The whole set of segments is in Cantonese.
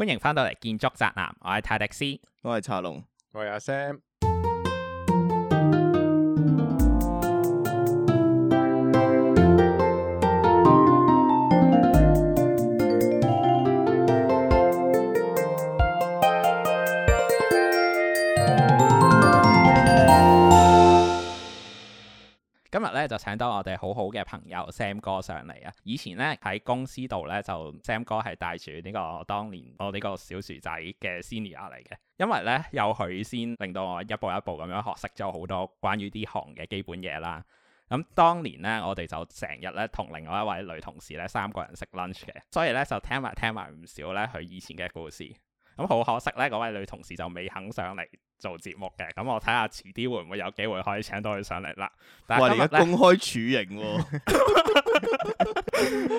歡迎返到嚟《建築宅男》，我係泰迪斯，我係茶龍，我係阿 Sam。今日咧就請到我哋好好嘅朋友 Sam 哥上嚟啊！以前咧喺公司度咧就 Sam 哥係帶住呢、這個當年我呢個小薯仔嘅 senior 嚟嘅，因為咧有佢先令到我一步一步咁樣學識咗好多關於呢行嘅基本嘢啦。咁、嗯、當年咧我哋就成日咧同另外一位女同事咧三個人食 lunch 嘅，所以咧就聽埋聽埋唔少咧佢以前嘅故事。咁、嗯、好可惜咧，嗰位女同事就未肯上嚟，做節目嘅，咁我睇下遲啲會唔會有機會可以請到佢上嚟啦。但係我而家公開處刑、啊，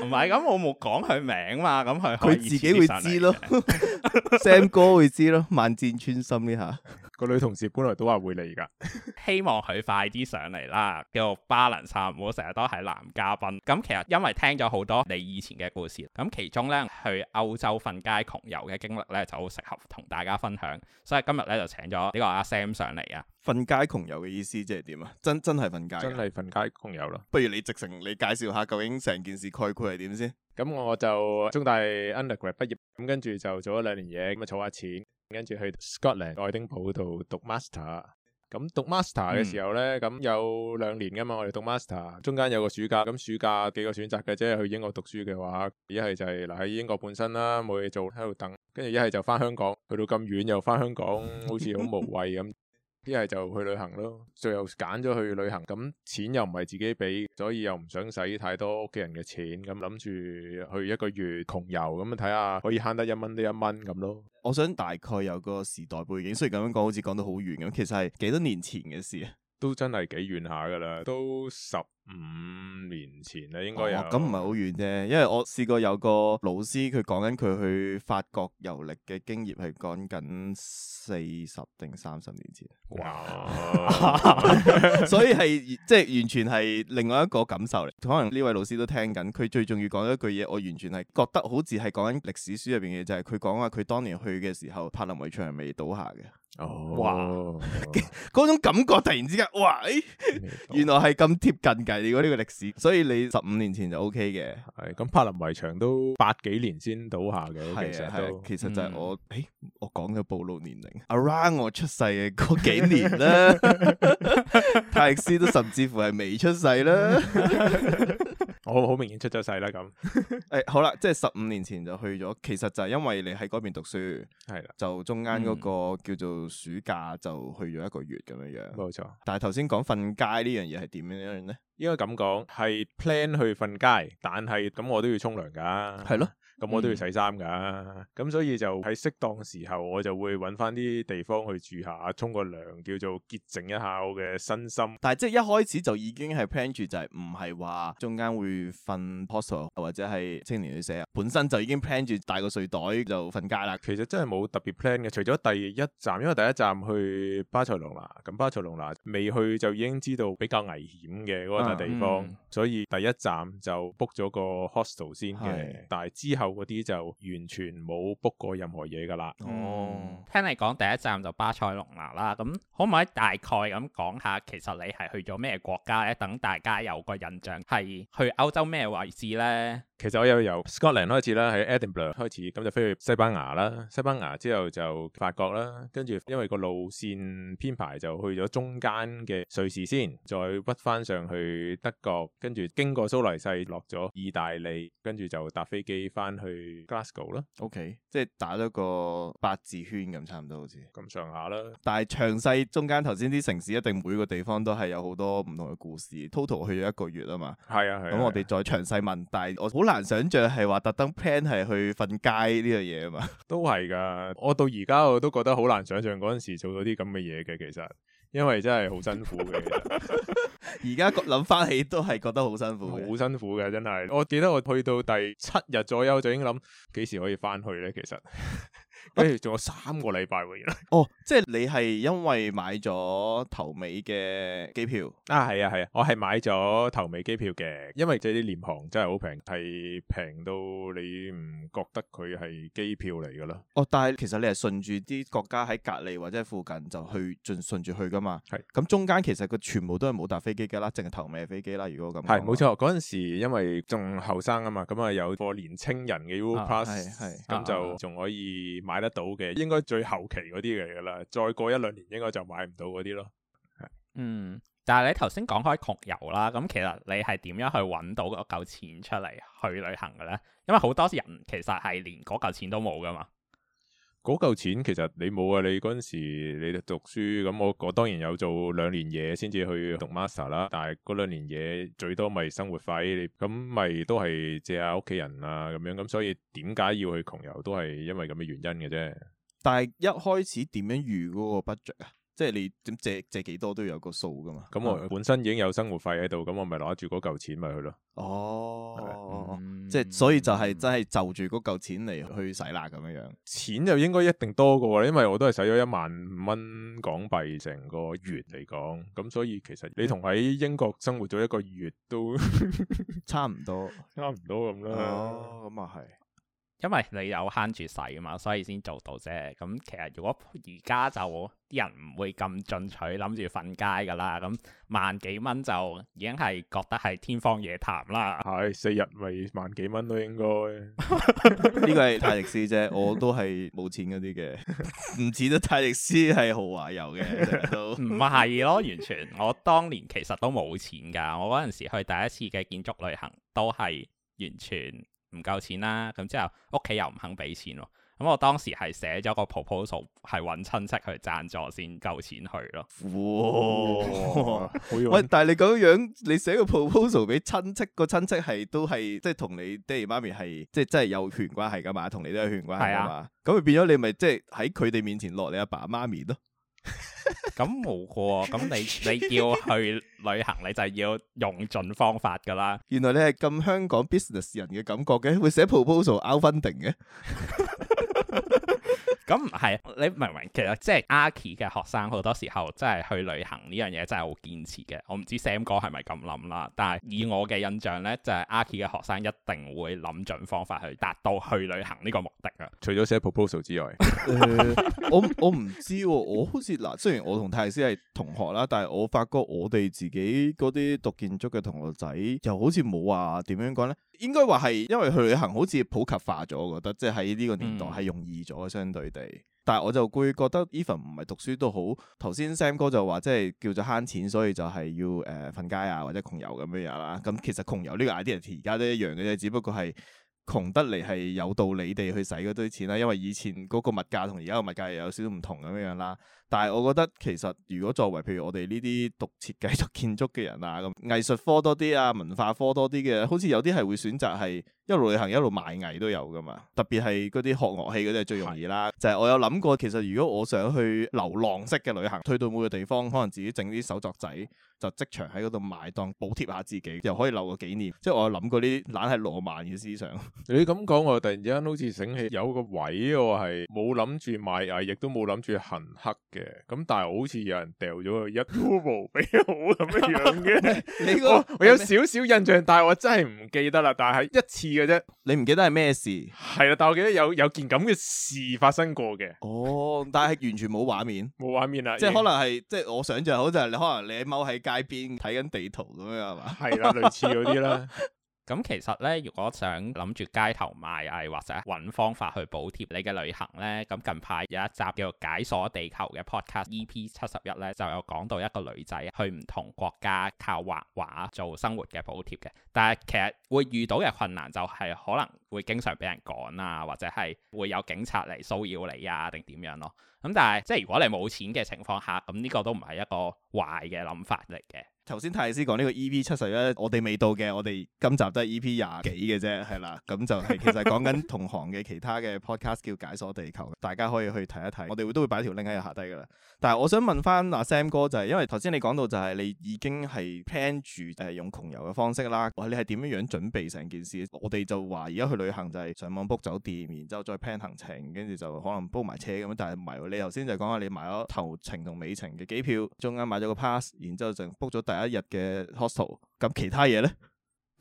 唔係咁我冇講佢名嘛，咁佢佢自己會知咯。囉 Sam 哥會知咯， 萬箭穿心呢下。個 女同事本來都話會嚟噶， 希望佢快啲上嚟啦。叫做 balance，唔好成日都係男嘉賓。咁其實因為聽咗好多你以前嘅故事，咁其中咧去歐洲瞓街窮遊嘅經歷咧就好適合同大家分享，所以今日咧就請咗。呢個阿 Sam 上嚟啊！瞓街窮遊嘅意思即係點啊？真真係瞓街，真係瞓街窮遊咯。不如你直程，你介紹下究竟成件事概括係點先？咁我就中大 undergrad 畢、er、業，咁跟住就做咗兩年嘢，咁、嗯、儲下錢，跟住去 Scotland 愛丁堡度讀 master。咁讀 master 嘅時候呢，咁有兩年㗎嘛，我哋讀 master 中間有個暑假，咁暑假幾個選擇嘅啫。去英國讀書嘅話，一係就係嗱喺英國本身啦，冇嘢做喺度等，跟住一係就返香港，去到咁遠又返香港，好似好無謂咁。 一係就去旅行咯，最後揀咗去旅行，咁錢又唔係自己俾，所以又唔想使太多屋企人嘅錢，咁諗住去一個月窮遊，咁啊睇下可以慳得一蚊都一蚊咁咯。我想大概有個時代背景，雖然咁樣講，好似講得好遠咁，其實係幾多年前嘅事。都真係幾遠下噶啦，都十五年前咧應該有。咁唔係好遠啫，因為我試過有個老師，佢講緊佢去法國遊歷嘅經驗，係講緊四十定三十年前。哇！所以係即係完全係另外一個感受嚟。 可能呢位老師都聽緊，佢最重要講一句嘢，我完全係覺得好似係講緊歷史書入邊嘅，就係佢講話，佢當年去嘅時候，柏林圍牆係未倒下嘅。哦，哇，嗰、哦、 種感覺突然之間，哇，哎、原來係咁貼近嘅，如果呢個歷史，所以你十五年前就 OK 嘅，係咁、嗯、柏林圍牆都八幾年先倒下嘅，係啊是，係其，其實就係我，誒、嗯，我講嘅暴露年齡，Around 我出世嘅嗰幾年啦，泰勒 斯都甚至乎係未出世啦。嗯 好好明顯出咗世啦，咁，誒、 哎，好啦，即係十五年前就去咗，其實就係因為你喺嗰邊讀書，係啦，是的 就中間嗰個叫做暑假就去咗一個月咁樣、嗯、樣，冇錯。但係頭先講瞓街呢樣嘢係點樣咧？應該咁講係 plan 去瞓街，但係咁我都要沖涼㗎，係咯。咁、嗯、我都要洗衫㗎、啊，咁所以就喺適當時候我就會揾翻啲地方去住下，沖個涼叫做潔淨一下我嘅身心。但係即係一開始就已經係 plan 住就係唔係話中間會瞓 hostel 或者係青年旅社啊，本身就已經 plan 住帶個睡袋就瞓街啦。其實真係冇特別 plan 嘅，除咗第一站，因為第一站去巴塞隆拿，咁巴塞隆拿未去就已經知道比較危險嘅嗰個地方，嗯嗯、所以第一站就 book 咗個 hostel 先嘅。是但係之後。嗰啲就完全冇 book 過任何嘢噶啦。哦，聽你講第一站就巴塞隆拿啦，咁可唔可以大概咁講下，其實你係去咗咩國家咧？等大家有個印象係去歐洲咩位置咧？其實我又由 Scotland 開始啦，喺 Edinburgh 開始，咁、嗯、就飛去西班牙啦。西班牙之後就法國啦，跟住因為個路線編排就去咗中間嘅瑞士先，再屈翻上去德國，跟住經過蘇黎世落咗意大利，跟住就搭飛機翻去 Glasgow 啦。OK，即係打咗個八字圈咁，差唔多好似咁上下啦。但係詳細中間頭先啲城市一定每個地方都係有好多唔同嘅故事。Total 去咗一個月啊嘛，係啊，咁、啊啊、我哋再詳細問，啊、但係我好難想象係話特登 plan 係去瞓街呢樣嘢啊嘛，都係噶。我到而家我都覺得好難想象嗰陣時做咗啲咁嘅嘢嘅，其實因為真係好辛苦嘅。而家諗翻起都係覺得好辛苦，好辛苦嘅，真係。我記得我去到第七日左右就已經諗幾時可以翻去呢？其實。誒，仲、哎、有三個禮拜喎，原來。哦，即係你係因為買咗頭尾嘅機票啊？啊，係啊，係啊，我係買咗頭尾機票嘅，因為即係啲廉航真係好平，係平到你唔覺得佢係機票嚟噶咯。哦，但係其實你係順住啲國家喺隔離或者係附近就去，盡順住去噶嘛。係是。咁中間其實佢全部都係冇搭飛機噶啦，淨係頭尾嘅飛機啦。如果咁。係，冇錯。嗰陣時因為仲後生啊嘛，咁啊有個年青人嘅 U Pass 係、啊，咁就仲可以買。得到嘅應該最後期嗰啲嚟噶啦，再過一兩年應該就買唔到嗰啲咯。嗯，但係你頭先講開窮遊啦，咁其實你係點樣去揾到嗰嚿錢出嚟去旅行嘅咧？因為好多人其實係連嗰嚿錢都冇噶嘛。嗰嚿錢其實你冇啊，你嗰陣時你讀書咁，我我當然有做兩年嘢先至去讀 master 啦，但係嗰兩年嘢最多咪生活費，你咁咪都係借下屋企人啊咁樣，咁所以點解要去窮遊都係因為咁嘅原因嘅啫。但係一開始點樣預嗰個 budget 啊？即係你點借借幾多都要有個數噶嘛？咁我本身已經有生活費喺度，咁我咪攞住嗰嚿錢咪去咯。哦。嗯、即係所以就係真係就住嗰嚿錢嚟去洗喇咁樣樣，錢就應該一定多過啦，因為我都係使咗一萬蚊港幣成個月嚟講，咁、嗯、所以其實你同喺英國生活咗一個月都 差唔多， 差唔多咁啦。哦，咁啊係。因為你有慳住使啊嘛，所以先做到啫。咁、嗯、其實如果而家就啲人唔會咁進取，諗住瞓街噶啦。咁、嗯、萬幾蚊就已經係覺得係天方夜譚啦。係、哎、四日咪萬幾蚊都應該。呢 個係泰迪斯啫，我都係冇錢嗰啲嘅，唔似得泰迪斯係豪華遊嘅。唔係 咯，完全。我當年其實都冇錢噶，我嗰陣時去第一次嘅建築旅行都係完全。唔夠錢啦，咁之後屋企又唔肯俾錢咯，咁我當時係寫咗個 proposal 係揾親戚去贊助先夠錢去咯。哇！哇 喂，但係你咁樣，你寫個 proposal 俾親戚，個親戚係都係即係同你爹哋媽咪係即係真係有血緣關係噶嘛？同你都有血緣關係嘛？咁、啊、就變咗你咪即係喺佢哋面前落你阿爸阿媽咪咯。咁冇過，咁你你要去旅行，你就係要用盡方法㗎喇。原來你係咁香港 business 人嘅感覺嘅，會寫 proposal、outfunding 嘅。咁唔係，你明唔明？其實即係 Archie 嘅學生好多時候，即係去旅行呢樣嘢真係好堅持嘅。我唔知 Sam 哥係咪咁諗啦，但係以我嘅印象咧，就係 Archie 嘅學生一定會諗準方法去達到去旅行呢個目的啊。除咗寫 proposal 之外， 呃、我我唔知喎、啊。我好似嗱，雖然我同泰師係同學啦，但係我發覺我哋自己嗰啲讀建築嘅同學仔，又好似冇話點樣講咧。應該話係，因為去旅行好似普及化咗，我覺得即係喺呢個年代係容易咗相對地。但係我就會覺得 even 唔係讀書都好。頭先 Sam 哥就話即係叫做慳錢，所以就係要誒、呃、瞓街啊或者窮遊咁樣樣啦。咁其實窮遊呢個 idea 而家都一樣嘅啫，只不過係。窮得嚟係有道理地去使嗰堆錢啦，因為以前嗰個物價同而家個物價又有少少唔同咁樣樣啦。但係我覺得其實如果作為譬如我哋呢啲讀設計讀建築嘅人啊，咁藝術科多啲啊，文化科多啲嘅，好似有啲係會選擇係。一路旅行一路賣藝都有㗎嘛，特別係嗰啲學樂器嗰啲係最容易啦。的就係我有諗過，其實如果我想去流浪式嘅旅行，推到每個地方，可能自己整啲手作仔，就即場喺嗰度賣檔，當補貼下自己，又可以留個紀念。即係我有諗過啲懶係羅曼嘅思想。你咁講，我突然之間好似醒起有個位，我係冇諗住賣藝，亦都冇諗住行黑嘅。咁但係好似有人掉咗一鋪俾我咁樣嘅。呢、 嗰個我，我有少少印象，但係我真係唔記得啦。但係一次。嘅啫，你唔記得係咩事？係啊，但係我記得有有件咁嘅事發生過嘅。哦，但係完全冇畫面，冇 畫面啊。即係可能係經即係我想像好，就係你可能你踎喺街邊睇緊地圖咁樣係嘛？係啦，類似嗰啲啦。咁其實咧，如果想諗住街頭賣藝，或者揾方法去補貼你嘅旅行呢，咁近排有一集叫做《解鎖地球》嘅 Podcast EP 七十一咧，就有講到一個女仔去唔同國家靠畫畫做生活嘅補貼嘅。但係其實會遇到嘅困難就係可能會經常俾人趕啊，或者係會有警察嚟騷擾你啊，定點樣咯。咁但係即係如果你冇錢嘅情況下，咁呢個都唔係一個壞嘅諗法嚟嘅。頭先泰斯講呢個 E.P. 七十一，我哋未到嘅，我哋今集都係 E.P. 廿幾嘅啫，係啦，咁就係其實講緊同行嘅其他嘅 podcast 叫《解鎖地球》，大家可以去睇一睇，我哋會都會擺條 link 喺下低噶啦。但係我想問翻阿 Sam 哥就係、是，因為頭先你講到就係你已經係 plan 住誒、呃、用窮遊嘅方式啦，你係點樣樣準備成件事？我哋就話而家去旅行就係上網 book 酒店，然之後再 plan 行程，跟住就可能 book 埋車咁，但係唔係，你頭先就講下你買咗頭程同尾程嘅機票，中間買咗個 pass，然之後就 book 咗。第一日嘅 hostel，咁其他嘢咧？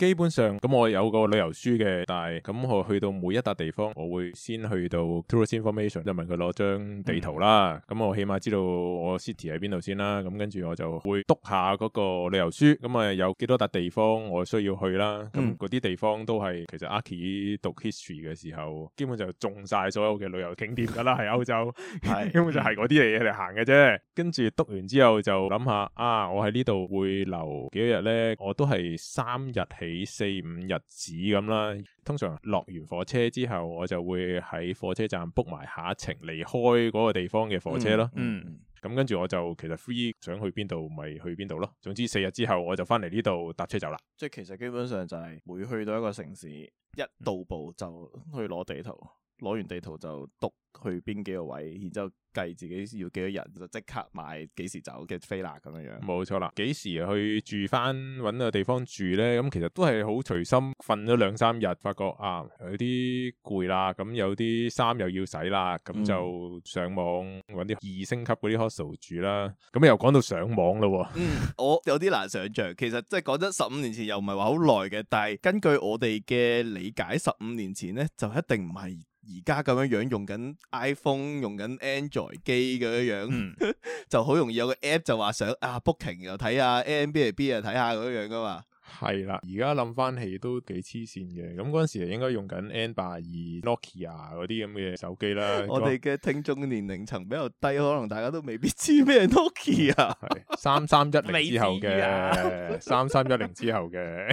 基本上咁、嗯，我有個旅遊書嘅，但係咁、嗯、我去到每一笪地方，我會先去到 tourist information，就問佢攞張地圖啦。咁、嗯嗯、我起碼知道我 city 喺邊度先啦。咁、嗯、跟住我就會督下嗰個旅遊書，咁啊有幾多笪地方我需要去啦。咁、嗯、啲、嗯嗯、地方都係其實阿 Key 讀 history 嘅時候，基本就中晒所有嘅旅遊景點噶啦，係 歐洲， 是基本就係嗰啲嘢嚟行嘅啫。跟住督完之後就諗下啊，我喺呢度會留幾多日咧？我都係三日起。幾四五日子咁啦，通常落完火車之後，我就會喺火車站 book 埋下程離開嗰個地方嘅火車咯、嗯。嗯，咁跟住我就其實 free 想去邊度咪去邊度咯。總之四日之後我就翻嚟呢度搭車走啦。即係其實基本上就係每去到一個城市，一到步就去攞地圖。嗯攞完地圖就督去邊幾個位，然之後計自己要幾多日，就即刻買幾時走嘅飛啦，咁樣樣冇錯啦。幾時去住翻揾個地方住咧？咁、嗯、其實都係好隨心。瞓咗兩三日，發覺啊有啲攰啦，咁有啲衫又要洗啦，咁就上網揾啲二星級嗰啲 hostel 住啦。咁又講到上網啦、哦。嗯，我有啲難想象，其實即係講真，十五年前又唔係話好耐嘅，但係根據我哋嘅理解，十五年前咧就一定唔係。而家咁樣樣用緊 iPhone，用緊 Android 機咁樣樣，就好容易有個 app 就話想啊 Booking 又睇下 Airbnb 又睇下咁樣樣噶嘛。係、嗯、啦，而家諗翻起都幾黐線嘅。咁嗰陣時應該用緊 N 八二、Nokia 嗰啲咁嘅手機啦。我哋嘅聽眾嘅年齡層比較低，嗯、可能大家都未必知咩 Nokia、ok。三三一零之後嘅，三三一零之後嘅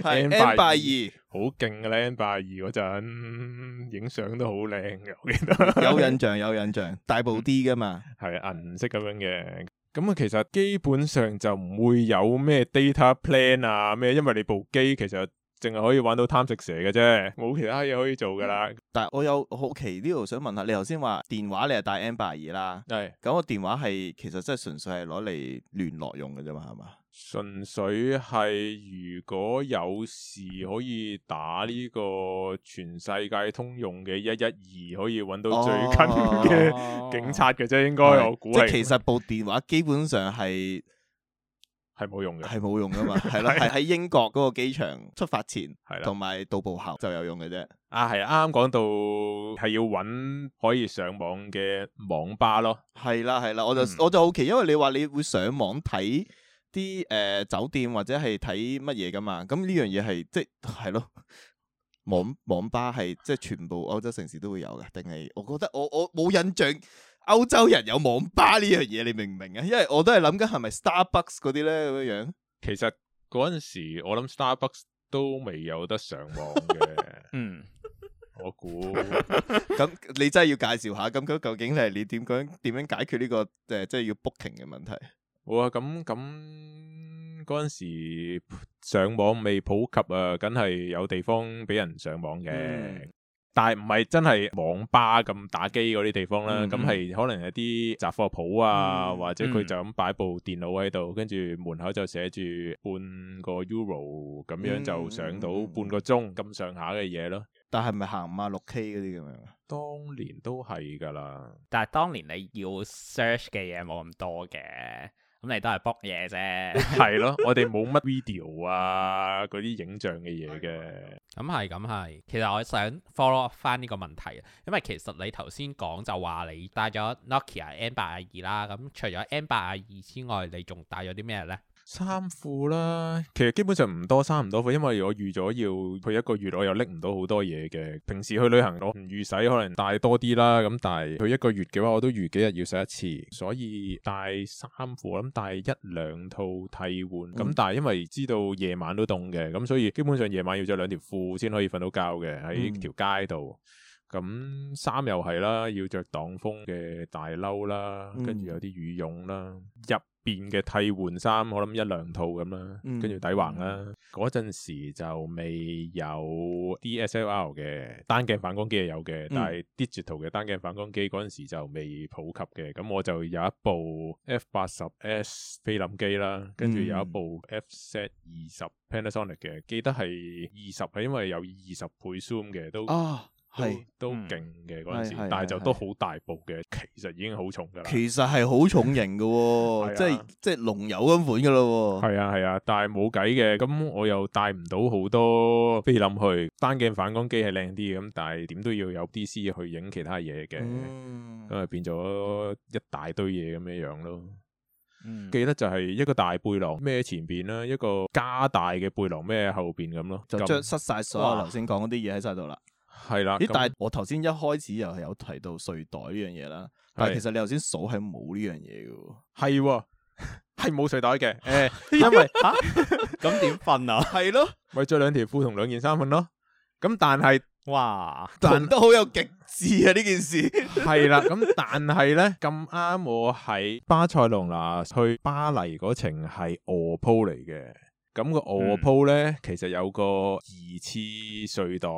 係 N 八二，好勁嘅咧。N 八二嗰陣影相都好靚嘅，我記得有印象，有印象， 印象大部啲噶嘛，係銀色咁樣嘅。咁啊、嗯，其實基本上就唔會有咩 data plan 啊，咩，因為你部機其實。淨係可以玩到貪食蛇嘅啫，冇其他嘢可以做噶啦、嗯。但係我有好奇呢度想問下，你頭先話電話你係帶 N82 啦，係咁是個電話係其實真係純粹係攞嚟聯絡用嘅啫嘛，係嘛？純粹係如果有事可以打呢個全世界通用嘅一一二，可以搵到最近嘅、哦、 警察嘅啫，應該對我估係。即係其實部電話基本上係。係冇用嘅，係冇用噶嘛，係 咯，係喺英國嗰個機場出發前，係啦 的，同埋到步後就有用嘅啫。啊，係啱啱講到係要搵可以上網嘅網吧咯。係啦，係啦，我就我就好奇，因為你話你會上網睇啲誒酒店或者係睇乜嘢噶嘛？咁呢樣嘢係即係咯，網網吧係即係全部歐洲城市都會有嘅，定係？我覺得我我冇印象。歐洲人有網吧呢樣嘢，你明唔明啊？因為我都係諗緊係咪 Starbucks 嗰啲咧咁樣。其實嗰陣時，我諗 Starbucks 都未有得上網嘅。 嗯，我猜，我估。咁你真係要介紹下，咁佢究竟係你點樣點樣解決呢、這個誒、呃，即係要 booking 嘅問題？我啊、哦，咁咁嗰陣時上網未普及啊，梗係有地方俾人上網嘅。嗯但係唔係真係網吧咁打機嗰啲地方啦，咁係、嗯、可能係啲雜貨鋪啊，嗯、或者佢就咁擺部電腦喺度，跟住門口就寫住半個 Euro 咁樣就上到半個鐘咁上下嘅嘢咯。嗯嗯、但係咪行五啊六 K 嗰啲咁樣？當年都係㗎啦。但係當年你要 search 嘅嘢冇咁多嘅，咁你都係 book 嘢啫。係 咯 ，我哋冇乜 video 啊，嗰啲影像嘅嘢嘅。咁係咁係，其實我想 follow 翻呢個問題啊，因為其實你頭先講就話你帶咗 Nokia N 八啊二啦，咁除咗 N 八啊二之外，你仲帶咗啲咩咧？衫褲啦，其實基本上唔多，衫唔多褲，因為我預咗要去一個月，我又拎唔到好多嘢嘅。平時去旅行我唔預洗，可能帶多啲啦。咁但係去一個月嘅話，我都預幾日要洗一次，所以帶衫褲，咁諗帶一兩套替換。咁、嗯、但係因為知道夜晚都凍嘅，咁所以基本上夜晚要着兩條褲先可以瞓到覺嘅喺條街度。咁衫、嗯嗯、又係啦，要着擋風嘅大褸啦，嗯、跟住有啲羽絨啦入。變嘅替換衫，我諗一兩套咁、嗯、啦，跟住底橫啦。嗰陣時就未有 DSLR 嘅單鏡反光機係有嘅，嗯、但係 digital 嘅單鏡反光機嗰陣時就未普及嘅。咁我就有一部 F 八十 S 菲林機啦，跟住有一部 FZ20 Panasonic 嘅，嗯、記得係二十，係因為有二十倍 zoom 嘅都。啊係都勁嘅嗰陣時，但係就都好大部嘅，嗯、其實已經好重噶啦。其實係好重型嘅、 啊，即係即係龍友咁款噶咯。係啊係啊，但係冇計嘅，咁我又帶唔到好多菲林去。單鏡反光機係靚啲嘅，咁但係點都要有 D C 去影其他嘢嘅，咁啊、嗯、變咗一大堆嘢咁樣樣咯。記得就係一個大背囊孭前邊啦，一個加大嘅背囊孭後邊咁咯，就將失晒所有頭先講嗰啲嘢喺晒度啦。哇係啦，咦？但係我頭先一開始又係有提到睡袋呢樣嘢啦，但係其實你頭先數係冇呢樣嘢嘅，係，係冇睡袋嘅。誒，因為，吓，咁點瞓啊？係咯，咪着兩條褲同兩件衫瞓咯。咁但係，哇，但都好有極致啊！呢件事。係啦，咁但係咧咁啱，我喺巴塞隆拿去巴黎嗰程係臥鋪嚟嘅。咁個臥鋪咧，嗯、其實有個二次睡袋，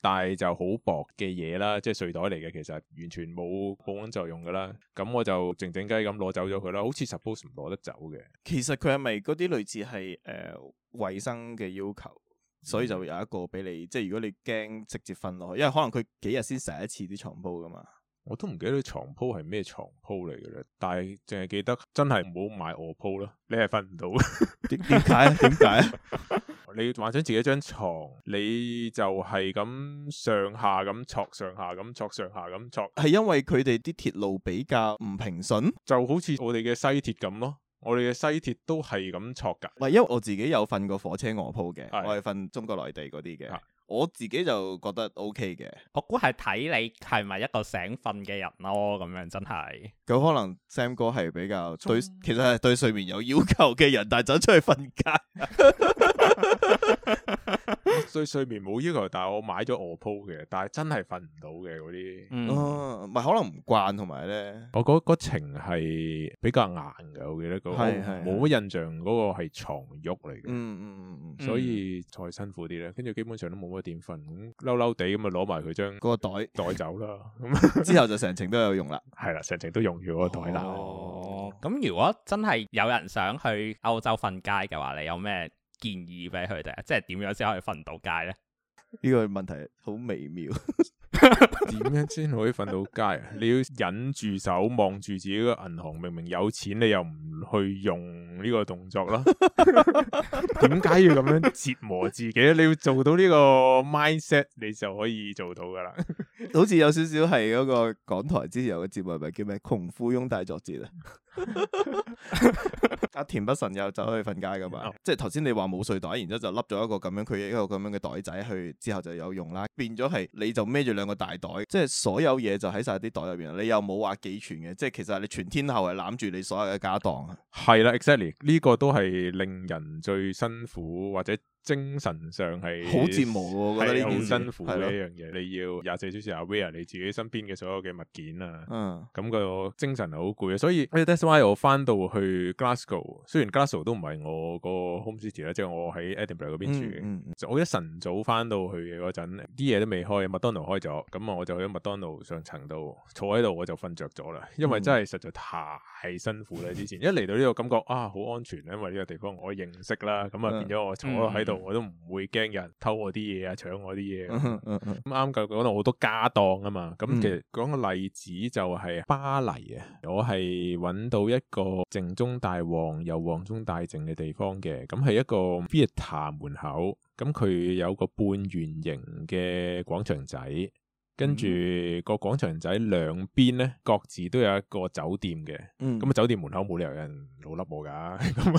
但係就好薄嘅嘢啦，即係睡袋嚟嘅，其實完全冇保溫作用噶啦。咁我就靜靜雞咁攞走咗佢啦，好似 suppose 唔攞得走嘅。其實佢係咪嗰啲類似係誒衛生嘅要求，所以就有一個俾你，嗯、即係如果你驚直接瞓落去，因為可能佢幾日先洗一次啲床鋪噶嘛。我都唔記得床鋪係咩床鋪嚟嘅啦，但係淨係記得真係唔好買卧鋪啦，你係瞓唔到，點點解啊？點解啊？你幻想自己一張床，你就係咁上下咁錯，上下咁錯，上下咁錯，係因為佢哋啲鐵路比較唔平順，就好似我哋嘅西鐵咁咯，我哋嘅西鐵都係咁錯噶。喂，因為我自己有瞓過火車卧鋪嘅，的我係瞓中國內地嗰啲嘅。我自己就覺得 OK 嘅，我估係睇你係咪一個醒瞓嘅人咯，咁樣真係。咁可能 Sam 哥係比較對，嗯、其實係對睡眠有要求嘅人，但係走出去瞓街。 對睡眠冇要求，但係我買咗臥鋪嘅，但係真係瞓唔到嘅嗰啲。唔咪、嗯哦、可能唔慣，同埋咧，我嗰、嗰個、程係比較硬嘅，我記得、嗰個冇乜印象，嗰、嗰個係床褥嚟嘅、嗯。嗯嗯嗯嗯，所以再辛苦啲咧，跟住基本上都冇乜點瞓，嬲嬲地咁啊，攞埋佢張嗰個袋袋走啦。咁 之後就成程都有用啦。係啦， 成程都用住嗰個袋啦。哦，咁、哦、如果真係有人想去歐洲瞓街嘅話，你有咩？建議俾佢哋啊，即係點樣先可以瞓到街咧？呢個問題好微妙。點樣先可以瞓到街啊？你要忍住手，望住自己個銀行，明明有錢你又唔去用呢個動作咯。點 解 要咁樣折磨自己咧？你要做到呢個 mindset，你就可以做到噶啦。 好似有少少係嗰個港台之前有個節目，咪叫咩《窮富翁大作戰》啊.？ 阿、 啊、田北辰又走去瞓街㗎嘛？Oh. 即係頭先你話冇睡袋，然之後就笠咗一個咁樣佢一個咁樣嘅袋仔去之後就有用啦。變咗係你就孭住兩個大袋，即係所有嘢就喺晒啲袋入邊。你又冇話寄存嘅，即係其實你全天候係攬住你所有嘅家當。係啦，exactly 呢個都係令人最辛苦或者。精神上係好折磨喎，覺得你好辛苦嘅一樣嘢。的你要廿四小時 aware 你自己身邊嘅所有嘅物件啊，咁、嗯嗯咁個精神係好攰啊。所以我哋 that's why 我翻到去 Glasgow，雖然 Glasgow 都唔係我個 home city 啦、e，即係我喺 Edinburgh 嗰邊住我一晨早翻到去嘅嗰陣，啲嘢都未開，麥當勞開咗，咁啊我就去咗麥當勞上層度坐喺度，我就瞓着咗啦。因為真係實在太辛苦啦，嗯、之前一嚟到呢個感覺啊，好安全，因為呢個地方我認識啦，咁啊變咗我坐喺。嗯嗯度、嗯、我都唔會驚有人偷我啲嘢啊，搶我啲嘢。咁啱夠講到好多家當啊嘛。咁其實講個例子就係巴黎啊，我係揾到一個靜中帶旺，又旺中帶靜嘅地方嘅。咁係一個 villa 門口，咁佢有個半圓形嘅廣場仔。跟住、嗯、個廣場仔兩邊咧，各自都有一個酒店嘅。咁啊、嗯，酒店門口冇理由有人老笠我噶、啊，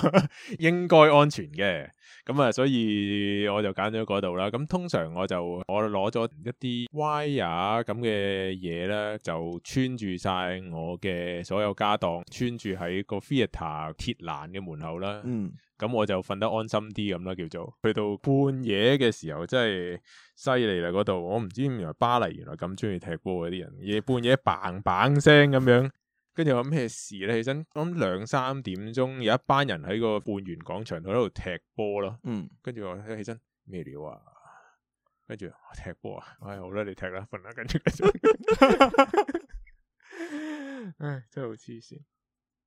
應該安全嘅。咁啊，所以我就揀咗嗰度啦。咁通常我就我攞咗一啲 wire 咁嘅嘢呢，就穿住晒我嘅所有家當，穿住喺個 theater 鐵欄嘅門口啦。嗯咁我就瞓得安心啲咁啦，叫做去到半夜嘅時候，真係犀利啦嗰度。我唔知原來巴黎原來咁中意踢波嗰啲人，夜半夜 bang bang 聲咁樣，跟住我咩事咧？起身咁兩三點鐘，有一班人喺個半圓廣場喺度踢波咯。嗯，跟住我起身咩料啊？跟住、哦、踢波啊！唉、哎，好啦，你踢啦，瞓啦，跟住，唉，真係好黐線。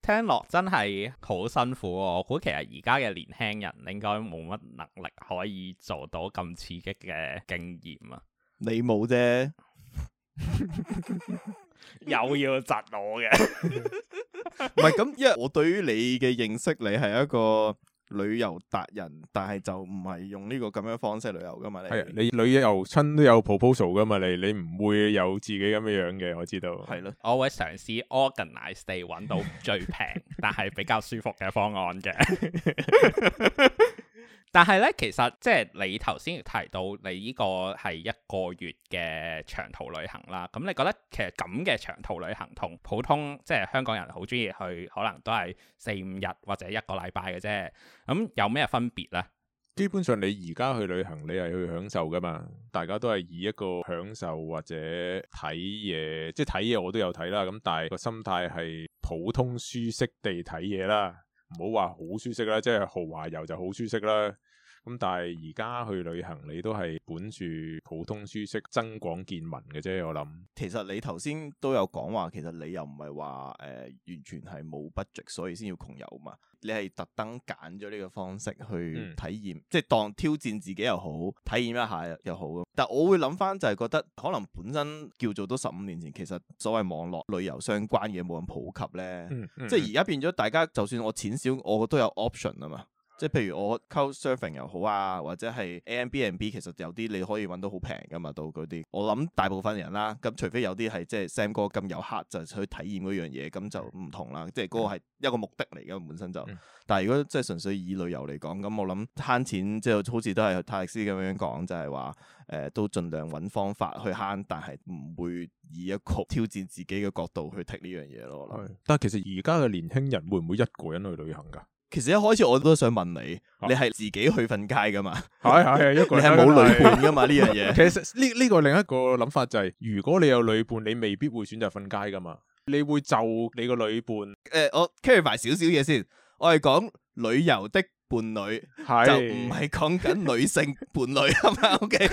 聽落真係好辛苦哦！我估其實而家嘅年輕人應該冇乜能力可以做到咁刺激嘅經驗啊！你冇啫，又要窒我嘅 唔係咁，因為我對於你嘅認識，你係一個。旅遊達人，但係就唔係用呢個咁樣方式旅遊噶嘛？你係你旅遊親都有 proposal 噶嘛？你你唔會有自己咁樣嘅，我知道係咯。是的 我會嘗試 organize 地揾到最平 但係比較舒服嘅方案嘅。 但係咧，其實即係你頭先提到你呢個係一個月嘅長途旅行啦。咁你覺得其實咁嘅長途旅行同普通即係、就是、香港人好中意去，可能都係四五日或者一個禮拜嘅啫。咁有咩分別呢？基本上你而家去旅行，你係去享受噶嘛？大家都係以一個享受或者睇嘢，即係睇嘢我都有睇啦。咁但係個心態係普通舒適地睇嘢啦。唔好話好舒適啦，即係豪華遊就好舒適啦。咁但係而家去旅行，你都係本住普通舒適增廣見聞嘅啫。我諗，其實你頭先都有講話，其實你又唔係話誒完全係冇 budget，所以先要窮遊嘛。你係特登揀咗呢個方式去體驗，嗯、即係當挑戰自己又好，體驗一下又好。但係我會諗翻，就係覺得可能本身叫做都十五年前，其實所謂網絡旅遊相關嘢冇咁普及咧。嗯嗯，即係而家變咗，大家就算我錢少，我都有 option 啊嘛。即係譬如我 couch surfing 又好啊，或者係 Airbnb 其實有啲你可以揾到好平㗎嘛，到嗰啲。我諗大部分人啦，咁除非有啲係即係 Sam 哥咁有客就去體驗嗰樣嘢，咁就唔同啦。即係嗰個係一個目的嚟嘅本身就。但係如果即係純粹以旅遊嚟講，咁我諗慳錢即係好似都係泰力斯咁樣講，就係話誒都盡、就是呃、量揾方法去慳，但係唔會以一個挑戰自己嘅角度去剔呢樣嘢咯我諗。但係其實而家嘅年輕人會唔會一個人去旅行㗎？其實一開始我都想問你，啊、你係自己去瞓街噶嘛？係係，一個 你係冇女伴噶嘛呢樣嘢。 其實呢呢、這個這個另一個諗法就係、是，如果你有女伴，你未必會選擇瞓街噶嘛。你會就你個女伴。誒、呃，我 carry 埋少少嘢先。我係講旅遊的。伴侶是就唔係講緊女性伴侶係咪？O K，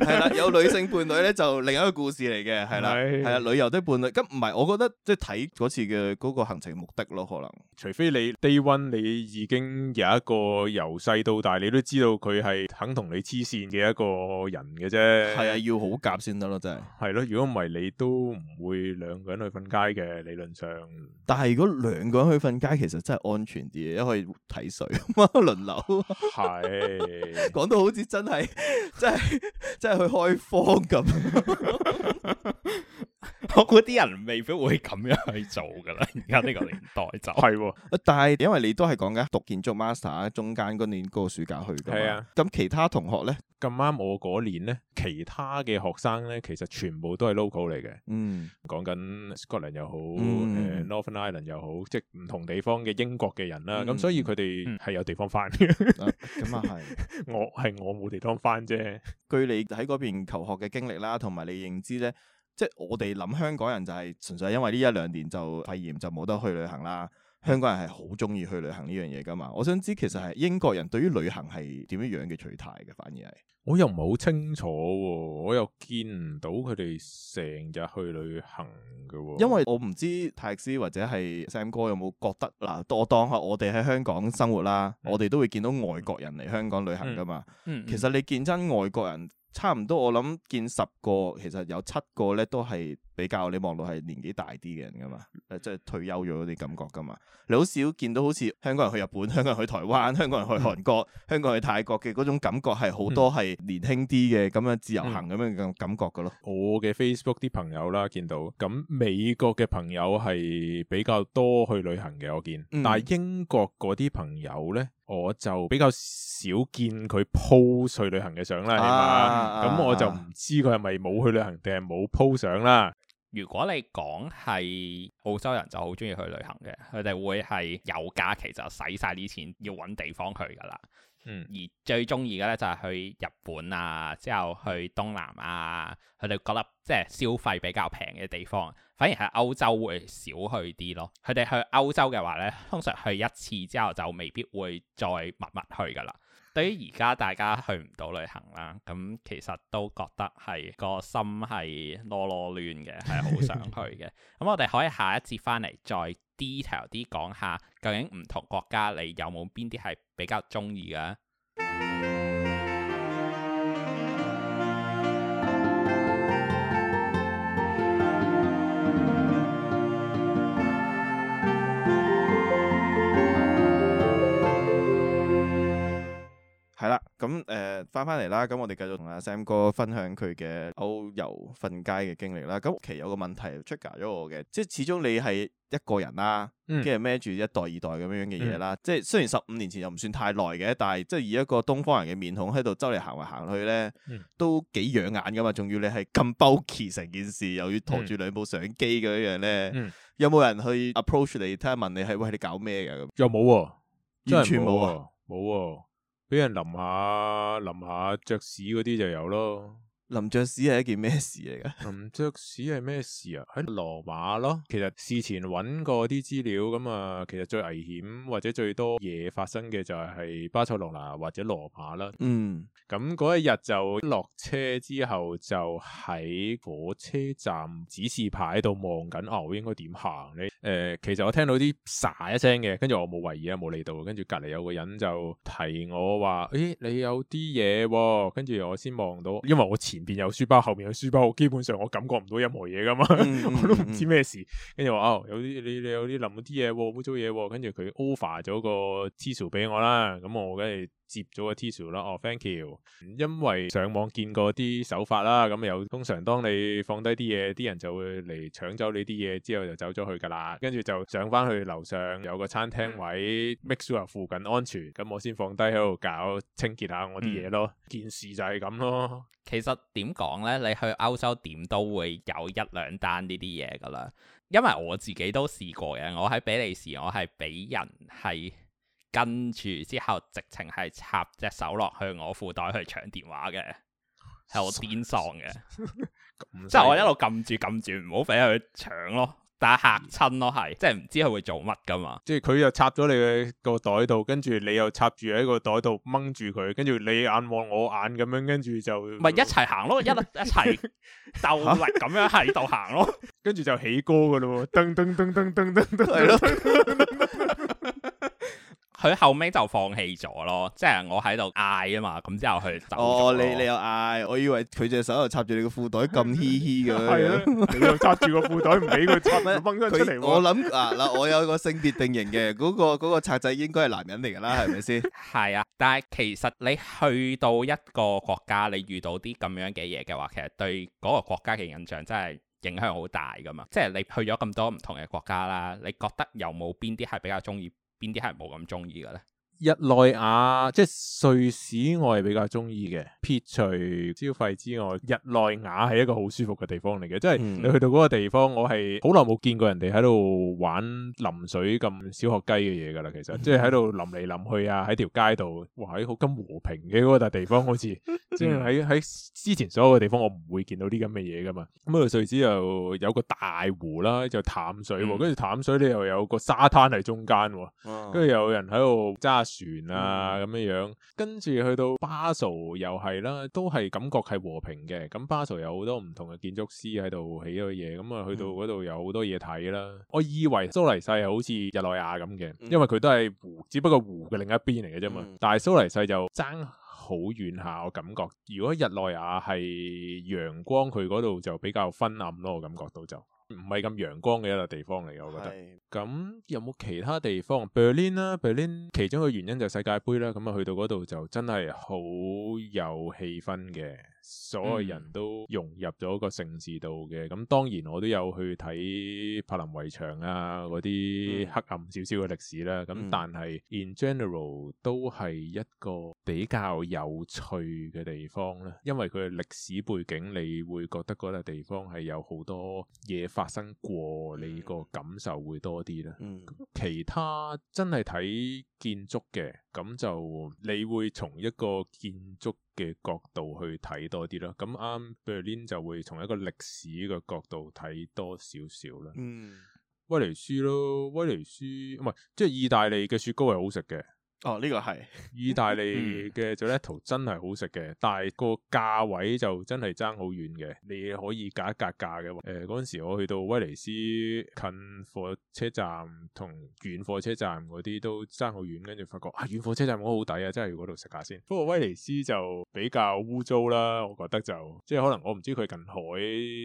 係啦，有女性伴侶呢就另一個故事嚟嘅，係啦，係啊的，旅遊的伴侶咁唔係，我覺得即係睇嗰次嘅嗰個行程目的咯，可能除非你低 a 你已經有一個由細到大你都知道佢係肯同你黐線嘅一個人嘅啫，係啊，要好夾先得咯，真係係咯，如果唔係你都唔會兩個人去瞓街嘅，理論上，但係如果兩個人去瞓街其實真係安全啲嘅，因為。睇水，啊嘛，輪流係講到好似真係，真係真係去開荒咁。 我估啲人未必會咁樣去做噶啦，而家呢個年代就係， 但係因為你都係講緊讀建築 master 中間嗰年個暑假去嘅，係是啊、嗯。咁其他同學咧，咁啱我嗰年咧，其他嘅學生咧，其實全部都係 local 嚟嘅。嗯，講緊 Scotland 又好，Northern Ireland 又好，即係唔同地方嘅英國嘅人啦。咁所以佢哋係有地方翻嘅。咁啊係，我係我冇地方翻啫。據你喺嗰邊求學嘅經歷啦，同埋你認知咧。即係我哋諗，香港人就係純粹係因為呢一兩年就肺炎就冇得去旅行啦。香港人係好中意去旅行呢樣嘢噶嘛？我想知其實係英國人對於旅行係點樣樣嘅取態嘅，反而係我又唔係好清楚，哦，我又見唔到佢哋成日去旅行嘅，哦。因為我唔知泰斯或者係 Sam 哥有冇覺得嗱，啊，我當下我哋喺香港生活啦，嗯，我哋都會見到外國人嚟香港旅行噶嘛。嗯嗯嗯，其實你見真外國人。差唔多，我諗見十個，其實有七個咧，都係。比較你望落係年紀大啲嘅人㗎嘛，即係退休咗啲感覺㗎嘛。你好少見到好似香港人去日本、香港人去台灣、香港人去韓國、嗯、香港人去泰國嘅嗰種感覺係好多係年輕啲嘅咁樣自由行咁樣嘅感覺㗎咯。我嘅 Facebook 啲朋友啦，見到咁美國嘅朋友係比較多去旅行嘅，我見，嗯、但係英國嗰啲朋友呢，我就比較少見佢 po 去旅行嘅相啦。係咪？咁我就唔知佢係咪冇去旅行定係冇 po 相啦。如果你講係澳洲人就好中意去旅行嘅，佢哋會係有假期就使晒啲錢要揾地方去噶啦。嗯、而最中意嘅咧就係去日本啊，之後去東南亞，佢哋覺得即係、就是、消費比較平嘅地方，反而係歐洲會少去啲咯。佢哋去歐洲嘅話呢，通常去一次之後就未必會再密密去噶啦。對於而家大家去唔到旅行啦，咁其實都覺得係個心係囉囉攣嘅，係好想去嘅。咁 我哋可以下一節翻嚟再 detail 啲講下，究竟唔同國家你有冇邊啲係比較中意嘅？係啦，咁誒翻翻嚟啦，咁我哋繼續同阿 Sam 哥分享佢嘅歐遊瞓街嘅經歷啦。咁其有個問題 trigger 咗我嘅，即係始終你係一個人啦，跟住孭住一代二代咁樣嘅嘢啦。即係、嗯嗯嗯、雖然十五年前又唔算太耐嘅，但係即係以一個東方人嘅面孔喺度周嚟行嚟行去咧，嗯、都幾養眼噶嘛。仲要你係咁 bulky 成件事，又要托住兩部相機咁樣咧，嗯嗯、有冇人去 approach 你睇下問你係喂你搞咩嘅咁？又冇喎、啊，完全冇啊，冇喎、啊。俾人淋下淋下，雀屎嗰啲就有咯。淋著屎係一件咩事嚟嘅？淋著屎係咩事啊？喺羅馬咯。其實事前揾過啲資料咁啊，其實最危險或者最多嘢發生嘅就係巴塞隆那或者羅馬啦。嗯，咁嗰、嗯、一日就落車之後就喺火車站指示牌度望緊、啊，我應該點行呢？誒、呃，其實我聽到啲沙一聲嘅，跟住我冇為意啊，冇理到。跟住隔離有個人就提我話，誒，你有啲嘢喎。跟住我先望到，因為我前，前邊有書包，後面有書包，基本上我感覺唔到任何嘢噶嘛，mm hmm. 我都唔知咩事。跟住話哦，有啲你你有啲淋咗啲嘢，污糟嘢。跟住佢 offer 咗個 tissue 俾我啦，咁我梗係。接咗個 tissue 哦，thank you。因為上網見過啲手法啦，咁有通常當你放低啲嘢，啲人就會嚟搶走你啲嘢，之後就走咗去噶啦。跟住就上翻去樓上有個餐廳位 mixer、嗯、附近安全，咁我先放低喺度搞清潔下我啲嘢咯。嗯、件事就係咁咯。其實點講呢？你去歐洲點都會有一兩單呢啲嘢噶啦，因為我自己都試過嘅。我喺比利時，我係俾人係。跟住之後，直情係插隻手落去我褲袋去搶電話嘅，係好癲喪嘅，即係我一路撳住撳住，唔好俾佢搶咯，但係嚇親咯，係即係唔知佢會做乜噶嘛。即係佢又插咗你嘅個袋度，跟住你又插住喺個袋度掹住佢，跟住你眼望我眼咁樣，跟住就咪一齊行咯，一一齊鬥力咁樣喺度行咯，跟住就起歌噶咯，噔噔噔噔噔噔噔。佢後尾就放棄咗咯，即係我喺度嗌啊嘛，咁之後佢走咗。哦，你你又嗌，我以為佢隻手又插住你褲嘻嘻個褲袋，咁嘻嘻咁。係啊他，你又插住個褲袋，唔俾佢插咩？咗出嚟。我諗啊嗱，我有個性別定型嘅，嗰、 那個賊仔、那個、應該係男人嚟㗎啦，係咪先？係啊，但係其實你去到一個國家，你遇到啲咁樣嘅嘢嘅話，其實對嗰個國家嘅印象真係影響好大㗎嘛。即、就、係、是、你去咗咁多唔同嘅國家啦，你覺得有冇邊啲係比較中意？邊啲係冇咁中意嘅咧？日內瓦即係瑞士，我係比較中意嘅。撇除消費之外，日內瓦係一個好舒服嘅地方嚟嘅。即係你去到嗰個地方，我係好耐冇見過人哋喺度玩淋水咁小學雞嘅嘢噶啦。其實、嗯、即係喺度淋嚟淋去啊，喺條街度，哇，喺好咁和平嘅嗰笪地方，好似即係喺喺之前所有嘅地方，我唔會見到啲咁嘅嘢噶嘛。咁度瑞士又有個大湖啦，就淡水，跟住、嗯、淡水你又有個沙灘喺中間，跟住有人喺度揸。船啊咁樣樣，跟住去到巴塞又係啦，都係感覺係和平嘅。咁巴塞有好多唔同嘅建築師喺度起咗嘢，咁啊去到嗰度有好多嘢睇啦。嗯、我以為蘇黎世係好似日內亞咁嘅，因為佢都係湖，只不過湖嘅另一邊嚟嘅啫嘛。嗯、但係蘇黎世就爭好遠下，我感覺如果日內亞係陽光，佢嗰度就比較昏暗咯，我感覺到就。唔係咁陽光嘅一個地方嚟嘅，我覺得。咁是有冇其他地方？Berlin 啦，Berlin，其中一個原因就係世界盃啦。咁啊，去到嗰度就真係好有氣氛嘅。所有人都融入咗個城市度嘅，咁當然我都有去睇柏林圍牆啊，嗰啲黑暗少少嘅歷史啦。咁但係、嗯、In general 都係一個比較有趣嘅地方咧，因為佢嘅歷史背景，你會覺得嗰笪地方係有好多嘢發生過，嗯、你個感受會多啲咧。嗯、其他真係睇建築嘅，咁就你會從一個建築。嘅角度去睇多啲啦，咁啱，比如 Lin 就會從一個歷史嘅角度睇多少少啦。嗯，威尼斯咯，威尼斯，唔係，即係意大利嘅雪糕係好食嘅。哦，呢、這個係意大利嘅 gelato、嗯、真係好食嘅，但係個價位就真係爭好遠嘅，你可以格一格價嘅話，誒嗰陣時我去到威尼斯近火車站同遠火車站嗰啲都爭好遠，跟住發覺啊遠火車站嗰個好抵啊，真係要嗰度食下先。不過威尼斯就比較污糟啦，我覺得就即係可能我唔知佢近海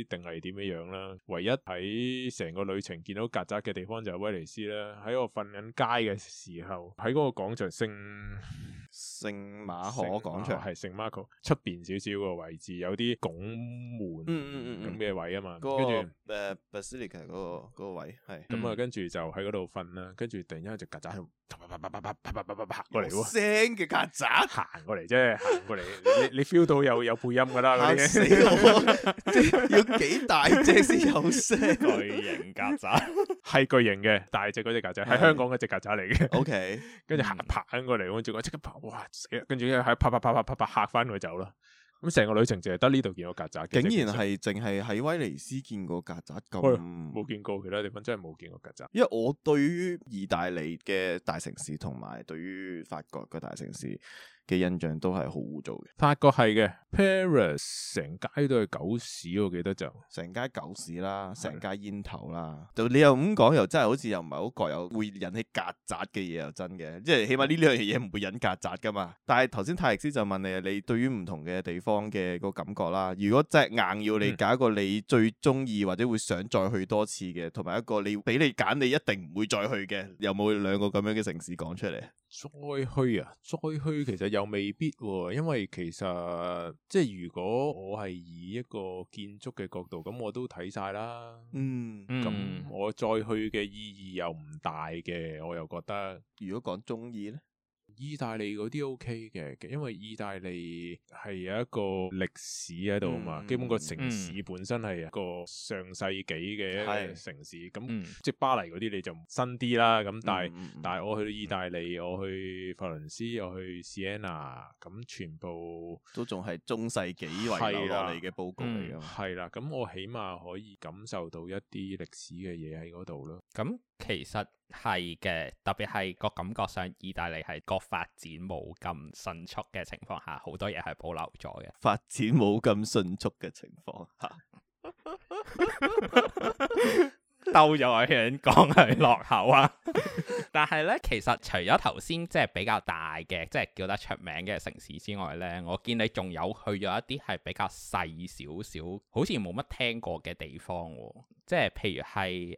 定係點樣樣啦。唯一喺成個旅程見到曱甴嘅地方就係威尼斯啦，喺我瞓緊街嘅時候喺嗰個廣場。聖聖姓馬可廣場係聖馬可，出邊、哦、少少個位置，有啲拱門咁嘅位啊嘛，跟住 basilica 嗰個個位係，咁啊，跟住就喺嗰度瞓啦，跟住突然間隻曱甴。啪啪啪啪啪啪啪啪啪行過嚟喎，聲嘅曱甴行過嚟啫，行過嚟，你你 feel 到有有配音噶啦，嚇 死我！即係要幾大隻先有聲，型 巨型曱甴係巨型嘅大隻嗰隻曱甴，係 香港嗰隻曱甴嚟嘅。OK，跟住行拍緊過嚟，跟住我即刻拍，哇死跟住喺啪啪啪啪啪啪吓翻佢走啦。咁成個旅程淨係得呢度見過曱甴，竟然係淨係喺威尼斯見過曱甴，咁冇見過其他地方，真係冇見過曱甴。因為我對於意大利嘅大城市，同埋對於法國嘅大城市，嘅印象都係好污糟嘅，法國係嘅，Paris 成街都係狗屎，哦，我記得就成街狗屎啦，成街煙頭啦，的就你又咁講又真係好似又唔係好乾，又會引起曱甴嘅嘢又真嘅，即係起碼呢兩樣嘢唔會引曱甴㗎嘛。但係頭先泰迪斯就問你你對於唔同嘅地方嘅個感覺啦，如果真係硬要你揀一個你最中意或者會想再去多次嘅，同埋、嗯、一個你俾你揀你一定唔會再去嘅，有冇兩個咁樣嘅城市講出嚟？再去啊，再去其實又未必啊，因為其實即係如果我係以一個建築嘅角度，咁我都睇晒啦。嗯，咁我再去嘅意義又唔大嘅，我又覺得，如果講中意咧？意大利嗰啲 OK 嘅，因為意大利係有一個歷史喺度啊嘛，嗯、基本個城市本身係一個上世紀嘅城市，咁即係巴黎嗰啲你就新啲啦。咁但係、嗯嗯嗯、但係我去到意大利，嗯、我去佛羅倫斯，又去 Siena，咁全部都仲係中世紀遺留落嚟嘅佈局嚟嘅，係啦。咁我起碼可以感受到一啲歷史嘅嘢喺嗰度咯。咁其實係嘅，特別係個感覺上，意大利係個發展冇咁迅速嘅情況下，好多嘢係保留咗嘅，發展冇咁迅速嘅情況下，兜咗一圈講係落後啊！ 但係呢，其實除咗頭先即係比較大嘅，即係叫得出名嘅城市之外呢，我見你仲有去咗一啲係比較細少少，好似冇乜聽過嘅地方喎，即係譬如係。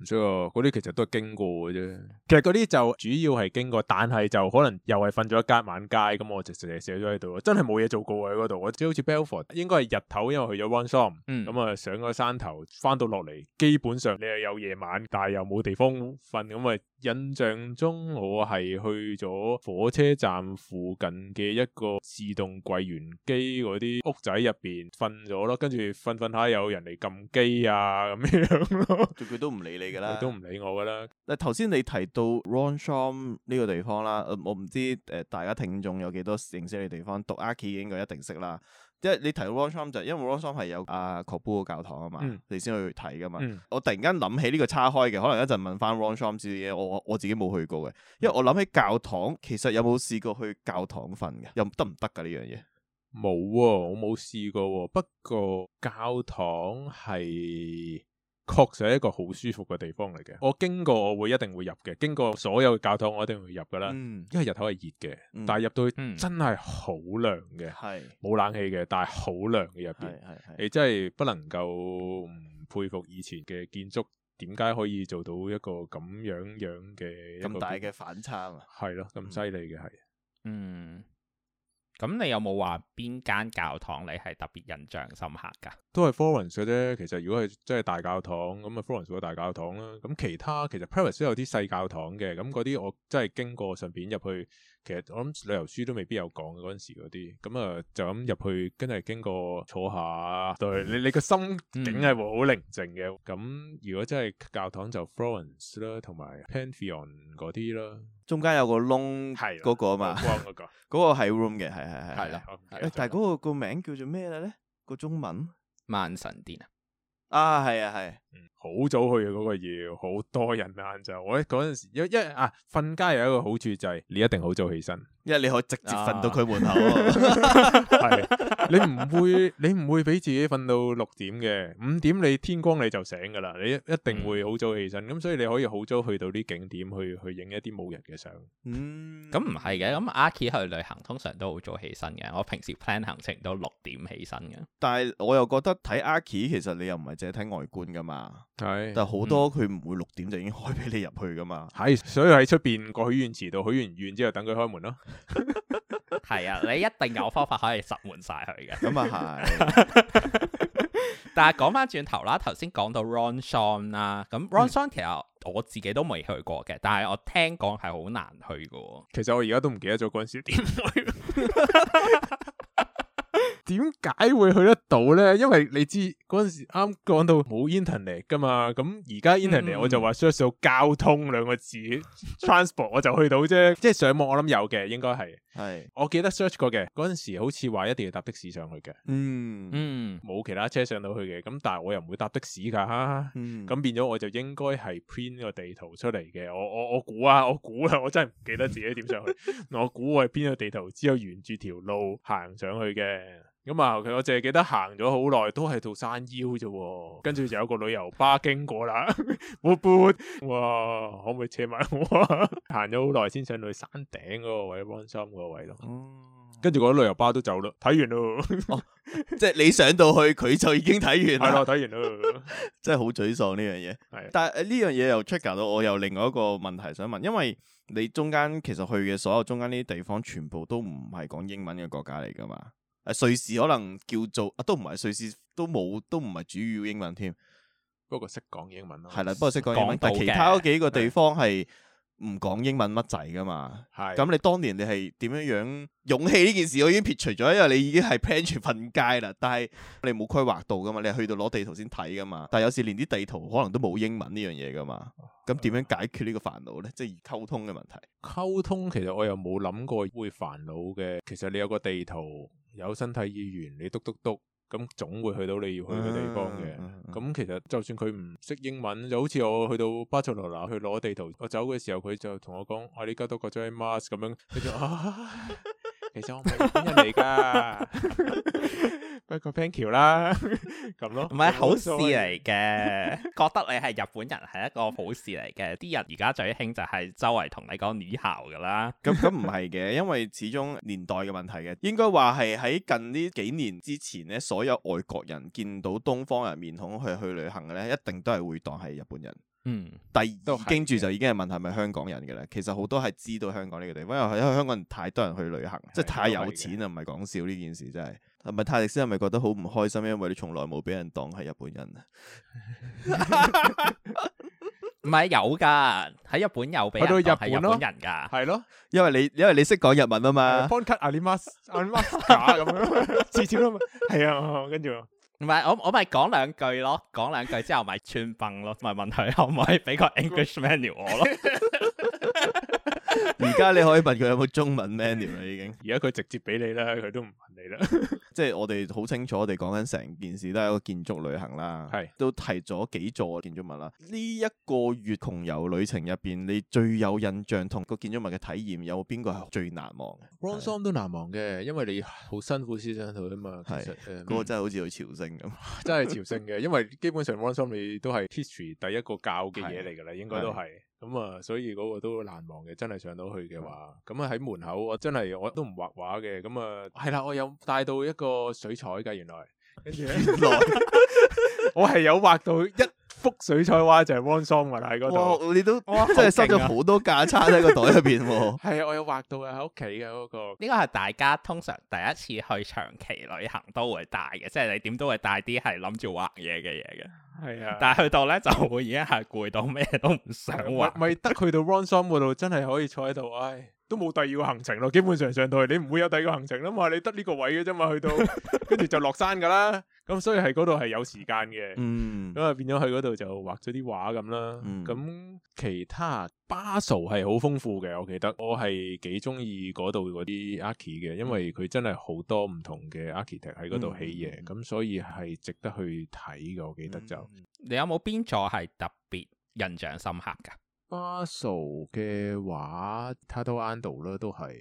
唔知啊，嗰啲其實都係經過嘅啫。其實嗰啲就主要係經過，但係就可能又係瞓咗一晚街。咁、嗯、我就就就寫咗喺度，真係冇嘢做過喺嗰度。我即好似 Belfort，應該係日頭，因為去咗 Ronchamp。嗯。咁啊、嗯，上咗山頭，翻到落嚟，基本上你係有夜晚，但係又冇地方瞓。咁、嗯、啊，印象中我係去咗火車站附近嘅一個自動櫃員機嗰啲屋仔入邊瞓咗咯，跟住瞓瞓下，有人嚟撳機啊，咁樣咯，佢都唔理你。你都唔理我噶啦。嗱，頭先你提到 Ronchamp 呢個地方啦，呃，我唔知誒，大家聽眾有幾多認識你地方？讀 Archie 已經個一定識啦。即係你提到 Ronchamp 就因為 Ronchamp 係有阿 Corb 嘅教堂啊嘛，嗯，你先去睇噶嘛。嗯，我突然間諗起呢個叉開嘅，可能一陣問翻 Ronchamp 啲嘢。我我自己冇去過嘅，因為我諗起教堂，其實有冇試過去教堂瞓嘅？又得唔得噶呢樣嘢？冇，我冇試過。不過教堂係，確實係一個好舒服嘅地方嚟嘅，我經過我會一定會入嘅，經過所有教堂我一定會入噶啦，嗯、因為日頭係熱嘅，嗯、但係入到去真係好涼嘅，係冇、嗯、冷氣嘅，但係好涼嘅入邊，你真係不能夠唔佩服以前嘅建築點解可以做到一個咁樣樣嘅咁大嘅反差啊，係咯，咁犀利嘅係。的咁你有冇話邊間教堂你係特別印象深刻噶？都係 Florence 嘅啫，其實如果係真係大教堂，咁啊 Florence 嘅大教堂啦。咁其他其實 Paris 都有啲細教堂嘅，咁嗰啲我真係經過順便入去，其實我諗旅遊書都未必有講嗰陣時嗰啲。咁啊就咁入去，跟住經過坐下，對你你個心境係會好寧靜嘅。咁、嗯、如果真係教堂就 Florence 啦，同埋 Pantheon 嗰啲啦。中間有個窿，係嗰個啊嘛，光嗰個，嗰個係 room 嘅，係係係，係啦，但係嗰個個名叫做咩咧？咧個中文萬神殿啊，啊，係啊，係，嗯。好早去嘅嗰個夜，好多人、晏晝、啊！就我嗰陣時，因因啊，瞓街有一個好處就係、是、你一定好早起身，因為你可以直接瞓到佢門口。係你唔會，你唔會俾自己瞓到六點嘅，五點你天光你就醒噶啦，你一定會好早起身，咁、嗯、所以你可以好早去到啲景點去去影一啲冇人嘅相、嗯 嗯，咁唔係嘅，咁阿 Ki 去旅行通常都好早起身嘅，我平時 plan 行程都六點起身嘅。但係我又覺得睇阿 Ki 其實你又唔係淨係睇外觀噶嘛。係，是但係好多佢唔、嗯、會六點就已經開俾你入去噶嘛，係，所以喺出邊個許願池度許完願之後等佢開門咯。係啊，你一定有方法可以實滿晒佢嘅。咁啊係，但係講翻轉頭啦，頭先講到 Ronchamp 啦，咁 Ronchamp 其實我自己都未去過嘅，嗯、但係我聽講係好難去噶。其實我而家都唔記得咗嗰陣時點去。點解會去得到呢？因為你知嗰陣時啱講到冇 internet 噶嘛，咁而家 internet 我就話 search 到交通兩個字，嗯、transport，我就去到啫。 即係上網我諗有嘅，應該係係。是我記得 search 過嘅嗰陣時，好似話一定要搭的士上去嘅，嗯。嗯嗯，冇其他車上到去嘅，咁但係我又唔會搭的士噶。哈嗯，咁變咗我就應該係 print 個地圖出嚟嘅。我我我估啊，我估啦，啊，我真係唔記得自己點上去。 我估我係 print 個地圖，之後沿住條路行上去嘅。咁啊、嗯！我淨係記得行咗好耐，都係到山腰啫、哦。跟住就有個旅遊巴經過啦，活潑 哇！可唔可以車埋我啊？行咗好耐，先上到去山頂嗰個位，安心嗰個位咯。哦、跟住嗰旅遊巴都走咯，睇完咯。哦、 即係你上到去，佢就已經睇完。係咯，睇完咯， 真係好沮喪呢樣嘢。係的，但係呢樣嘢又 trigger 到我有另外一個問題想問，因為你中間其實去嘅所有中間呢啲地方，全部都唔係講英文嘅國家嚟噶嘛。瑞士可能叫做啊，都唔係瑞士，都冇都唔係主要英文添。不過識講英文咯，係啦，不過識講英文，但係其他嗰幾個地方係唔講英文乜滯噶嘛。咁係，你當年你係點樣樣勇氣呢件事，我已經撇除咗，因為你已經係 plan 住瞓街啦。但係你冇規劃到噶嘛，你去到攞地圖先睇噶嘛。但係有時連啲地圖可能都冇英文呢樣嘢噶嘛。咁點、哦、樣解決呢個煩惱呢？即係溝通嘅問題。溝通其實我又冇諗過會煩惱嘅。其實你有個地圖。有身體語言，你篤篤篤，咁總會去到你要去嘅地方嘅。咁、嗯嗯嗯、其實就算佢唔識英文，就好似我去到巴塞羅那去攞地圖，我走嘅時候佢就同我講，我依家都個咗 map 咁樣，佢就。啊。其實我唔係日本人嚟噶， 不過 Thank you 啦，咁 咯，唔係是本好事嚟嘅。 覺得你係日本人係一個好事嚟嘅，啲 人而家最興就係周圍同你講你好噶啦。咁咁唔係嘅，因為始終年代嘅問題嘅，應該話係喺近呢幾年之前咧，所有外國人見到東方人面孔去去旅行嘅咧，一定都係會當係日本人。嗯，第二都經住就已經係問題，咪香港人嘅喇。其實好多係知道香港呢個地方，因為香香港人太多人去旅行，的即係太有錢啊，唔係講笑呢件事真係。係咪泰迪斯係咪覺得好唔開心？因為你從來冇俾人當係日本人啊？唔係 有噶，喺日本有俾，去到日本人咯。係咯，因為你因為你識講日文啊嘛。咁樣 的，似似咁啊，好好跟住。唔係，我我咪講兩句咯，講兩句之後咪串崩咯，咪 問佢可唔可以俾個 English menu 我咯。 .而家 你可以問佢有冇中文 menu 啦，已經。而家佢直接俾你啦，佢都唔問你啦。 即係我哋好清楚，我哋講緊成件事都係一個建築旅行啦，係是都提咗幾座建築物啦。呢、這、一個月窮遊旅程入邊，你最有印象同個建築物嘅體驗有邊個係最難忘？Ronchamp 是都難忘嘅，因為你好辛苦先上到啊嘛。係，嗰是、uh, 個真係好似去朝聖咁，真係朝聖嘅。因為基本上 Ronchamp 你都係 history 第一個教嘅嘢嚟噶啦，是應該都係。咁啊、嗯，所以個都難忘嘅，真係上到去嘅話，咁啊喺門口，我真係我都唔畫畫嘅，咁啊係啦，我有帶到一個水彩嘅，原來，跟住 原來 我係有畫到一。福水彩畫就係 Ronchamp 喺嗰度，你都真係收咗好多架撐喺個袋入邊。係啊， 我有畫到啊，喺屋企嘅嗰個。呢個係大家通常第一次去長期旅行都會帶嘅，即係你點都會帶啲係諗住畫嘢嘅嘢嘅。係啊，但係去到咧就會已經係攰到咩都唔想畫。咪得去到 Ronchamp 嗰度，真係可以坐喺度唉。都冇第二個行程咯，基本上上到去你唔會有第二個行程啦嘛，你得呢個位嘅啫嘛，去到跟住 就落山噶啦。咁所以喺嗰度係有時間嘅，咁啊變咗去嗰度就畫咗啲畫咁啦。咁、嗯、其他 Basel 係好豐富嘅，我記得我係幾中意嗰度嗰啲 archi 嘅，因為佢真係好多唔同嘅 architect 喺嗰度起嘢，咁、嗯、所以係值得去睇嘅。我記得就、嗯、你有冇邊座係特別印象深刻噶？巴蘇嘅話，他都 Ando 啦，都係，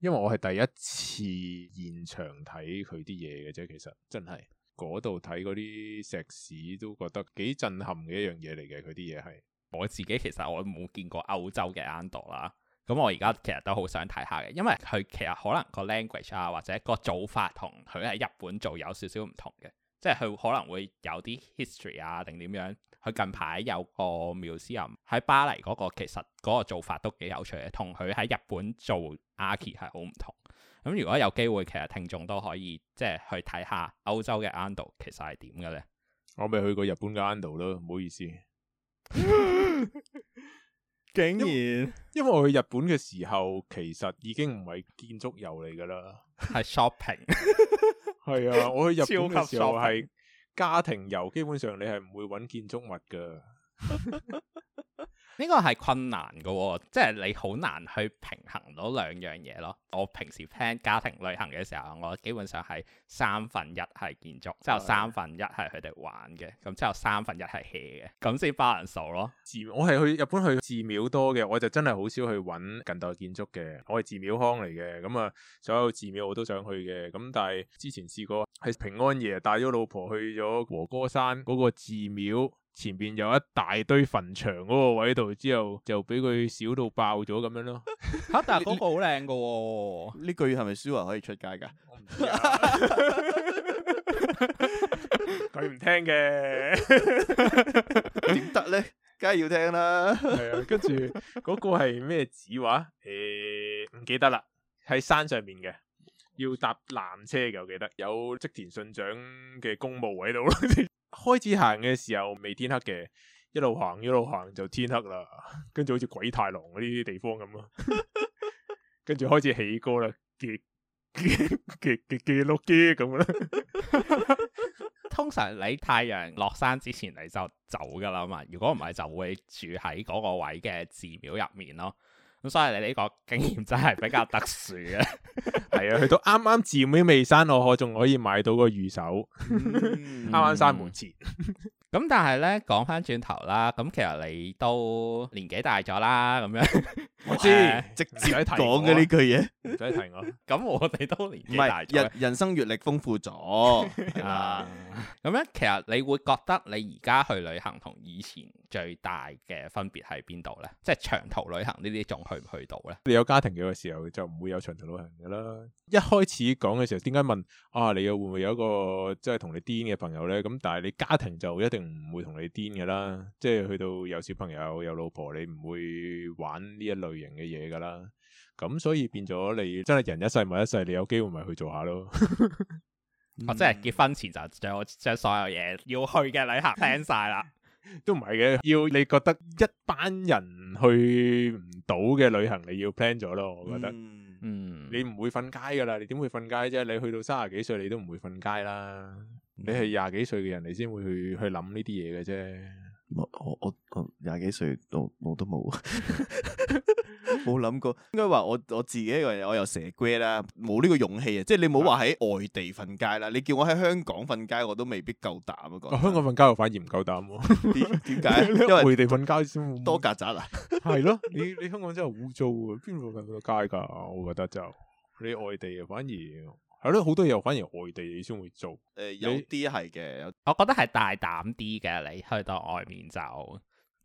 因為我係第一次現場睇佢啲嘢嘅啫，其實真係嗰度睇嗰啲石屎都覺得幾震撼，嘅一樣嘢嚟嘅，佢啲嘢係我自己其實我冇見過歐洲嘅 Ando 啦，咁我而家其實都好想睇下嘅，因為佢其實可能個 language 啊或者個做法同佢喺日本做有少少唔同嘅，即係佢可能會有啲 history 啊定點樣。佢近排有個 museum 喺巴黎嗰個，其實嗰個做法都幾有趣嘅，同佢喺日本做 archi 係好唔同。咁如果有機會，其實聽眾都可以即係去睇下歐洲嘅 Ando 其實係點嘅咧。我未去過日本嘅 Ando 咯，唔好意思。 竟然，因為，因為我去日本嘅時候，其實已經唔係建築遊嚟㗎喇，係 shopping。係 啊，我去日本嘅時候係。家庭遊基本上你係唔會揾建築物㗎。 呢個係困難嘅、哦，即係你好難去平衡到兩樣嘢咯。我平時 plan 家庭旅行嘅時候，我基本上係三分一係建築，之後三分一係佢哋玩嘅，咁之後三分一係 hea 嘅，咁先 balance 咯。寺我係去日本去寺廟多嘅，我就真係好少去揾近代建築嘅。我係寺廟控嚟嘅，咁啊所有寺廟我都想去嘅。咁但係之前試過係平安夜帶咗老婆去咗和歌山嗰個寺廟。前邊有一大堆墳場嗰個位度，之後就俾佢少到爆咗咁樣咯。吓、哦，但係嗰個好靚噶。呢句月係咪舒華可以出街噶？佢唔聽嘅，點得咧？梗係要聽啦。係 啊，跟住嗰個係咩紙話？誒、嗯，唔記得啦，喺山上面嘅。要搭纜車嘅，我記得有織田信長嘅公墓喺度咯。 開始行嘅時候未天黑嘅，一路行一路行就天黑啦。跟住好似鬼太郎嗰啲地方咁咯。跟住開始起歌啦，嘅嘅嘅嘅錄嘅咁啦。通常你太陽落山之前你就走噶啦嘛， 如果唔係就會住喺嗰個位嘅寺廟入面咯。所以你呢個經驗真係比較特殊嘅，係啊，去到啱啱字尾未刪，我可仲可以買到個二手，啱啱閂門前。 咁、嗯、但係咧，講翻轉頭啦，咁、嗯、其實你都年紀大咗啦，咁樣我知、呃、直接講嘅呢句嘢，唔使提我。咁 我哋都年紀大，唔人人生閱歷豐富咗啊。咁咧、嗯 嗯，其實你會覺得你而家去旅行同以前最大嘅分別喺邊度咧？即係長途旅行呢啲仲去唔去到咧？你有家庭嘅時候就唔會有長途旅行噶啦。一開始講嘅時候，點解問啊？你又會唔會有一個即係同你癲嘅朋友咧？咁但係你家庭就一定。唔會同你癲噶啦，即係去到有小朋友、有老婆，你唔會玩呢一類型嘅嘢噶啦。咁所以變咗你真係人一世咪一世，你有機會咪去做下咯。我、 嗯 哦、即係結婚前就將所有嘢要去嘅旅行 plan 晒啦。 都唔係嘅，要你覺得一班人去唔到嘅旅行，你要 plan 咗咯。我覺得，嗯，嗯，你唔會瞓街噶啦，你點會瞓街啫？你去到三十幾歲，你都唔會瞓街啦。你係廿幾歲嘅人，你先會去去諗呢啲嘢嘅啫。我我我廿幾歲，我歲我，我都冇冇諗過。應該話我我自己一個人，我又蛇龜啦，冇呢個勇氣啊！即係你冇話喺外地瞓街啦，你叫我喺香港瞓街，我都未必夠膽啊，啊！香港瞓街又反而唔夠膽，點點解？因為內地瞓街先多曱甴啊！係 咯，你你香港真係污糟啊！邊度瞓到街噶？我覺得就你外地啊，反而。係咯，好多嘢反而外地你先會做。誒、呃，有啲係嘅，有我覺得係大膽啲嘅，你去到外面就，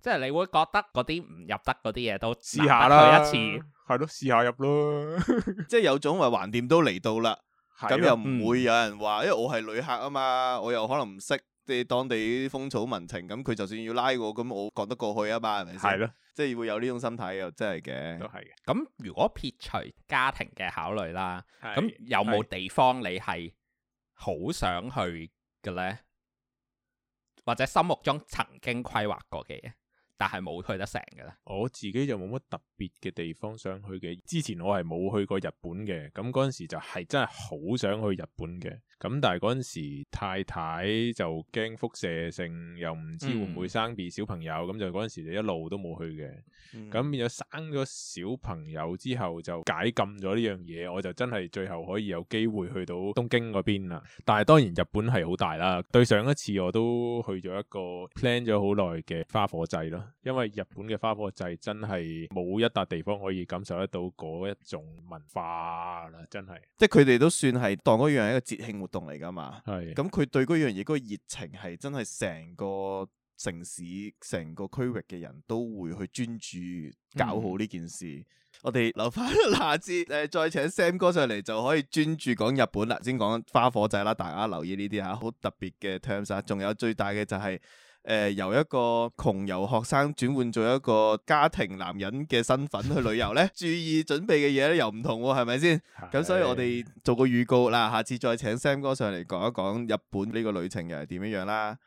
即係你會覺得嗰啲唔入得嗰啲嘢都試下啦，去一次。係咯， 試下入咯。 即係有種話橫掂都嚟到啦，咁了又唔會有人話，嗯、因為我係旅客啊嘛，我又可能唔識。即係當地啲風土民情，咁佢就算要拉我，咁我覺得過去啊嘛，係咪先？係咯的，即係會有呢種心態又真係嘅、嗯。都係嘅。咁如果撇除家庭嘅考慮啦，咁的有冇地方你係好想去嘅咧？的或者心目中曾經規劃過嘅嘢，但係冇去得成嘅咧？我自己就冇乜特。嘅地方想去嘅，之前我係冇去過日本嘅，咁嗰陣時就係真係好想去日本嘅，咁但係嗰陣時太太就驚輻射性，又唔知會唔會生 b 小朋友，咁、嗯、就嗰陣時就一路都冇去嘅，咁、嗯、變咗生咗小朋友之後就解禁咗呢樣嘢，我就真係最後可以有機會去到東京嗰邊啦。但係當然日本係好大啦，對上一次我都去咗一個 plan 咗好耐嘅花火祭咯，因為日本嘅花火祭真係冇一，笪地方可以感受得到嗰一種文化啦，真係，即係佢哋都算係當嗰樣係一個節慶活動嚟噶嘛。係，咁佢對嗰樣嘢嗰個熱情係真係成個城市、成個區域嘅人都會去專注搞好呢件事。嗯、我哋留翻下，下次誒再請 Sam 哥上嚟就可以專注講日本啦，先講花火仔啦，大家留意呢啲吓，好特別嘅 terms 仲有最大嘅就係。誒、呃，由一個窮遊學生轉換做一個家庭男人嘅身份去旅遊呢， 注意準備嘅嘢咧又唔同，啊，係咪先？咁 所以我哋做個預告啦，下次再請 Sam 哥上嚟講一講日本呢個旅程又係點樣樣啦。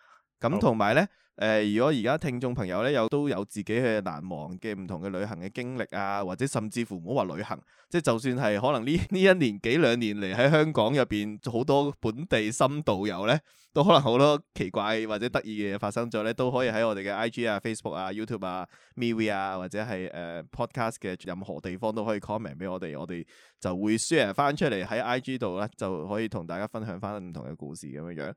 咁同埋呢。誒、呃，如果而家聽眾朋友咧有都有自己嘅難忘嘅唔同嘅旅行嘅經歷啊，或者甚至乎唔好話旅行，即係就算係可能呢呢一年幾兩年嚟，喺香港入邊好多本地新導遊咧，都可能好多奇怪或者得意嘅嘢發生咗咧，都可以喺我哋嘅 I G 啊、Facebook 啊、YouTube 啊、Mewe 啊或者係誒、uh, Podcast 嘅任何地方都可以 comment 俾我哋，我哋就會 share 翻出嚟喺 I G 度咧，就可以同大家分享翻唔同嘅故事咁樣樣。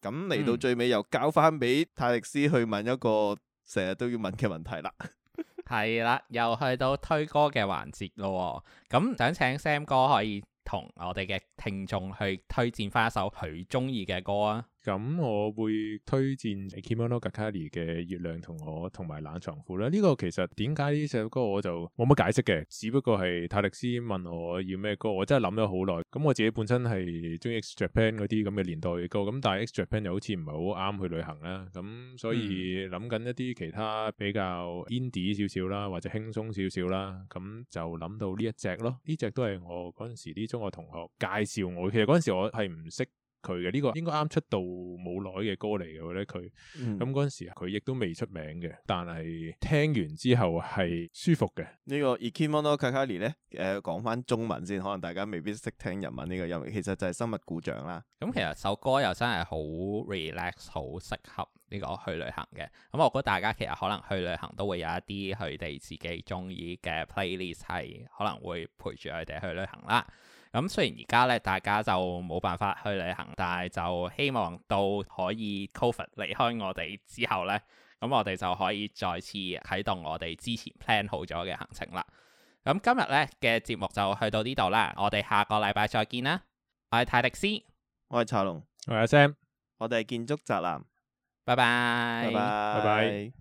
咁嚟到最尾，又交翻俾泰力斯去問一個成日都要問嘅問題啦、嗯。係啦， 又去到推歌嘅環節咯。咁想請 Sam 哥可以同我哋嘅聽眾去推薦翻一首佢中意嘅歌啊。咁我會推薦 Ikimonogakari 嘅月亮同我同埋冷藏庫啦。呢、這個其實點解呢首歌我就冇乜解釋嘅，只不過係泰力斯問我要咩歌，我真係諗咗好耐。咁我自己本身係中意 X Japan 嗰啲咁嘅年代嘅歌，咁但係 X Japan 又好似唔係好啱去旅行啦。咁所以諗緊一啲其他比較 indie 少少啦，或者輕鬆少少啦，咁就諗到呢一隻咯。呢隻都係我嗰陣時啲中學同學介紹我，其實嗰陣時我係唔識。佢嘅呢個應該啱出道冇耐嘅歌嚟嘅，我覺得佢咁嗰陣時佢亦都未出名嘅，但係聽完之後係舒服嘅。呢個 Ikimonogakari 咧，誒講翻中文先，可能大家未必識聽日文呢個音，其實就係生物股長啦。咁其實首歌又真係好 relax，好適合呢個去旅行嘅。咁我覺得大家其實可能去旅行都會有一啲佢哋自己中意嘅 playlist 係可能會陪住佢哋去旅行啦。咁雖然而家咧，大家就冇辦法去旅行，但係就希望到可以 COVID 離開我哋之後咧，咁我哋就可以再次啟動我哋之前 plan 好咗嘅行程啦。咁今日咧嘅節目就去到呢度啦，我哋下個禮拜再見啦。我係泰迪斯，我係柴龍，我係阿 Sam，我哋係建築宅男，拜拜 bye，拜拜 bye，拜拜。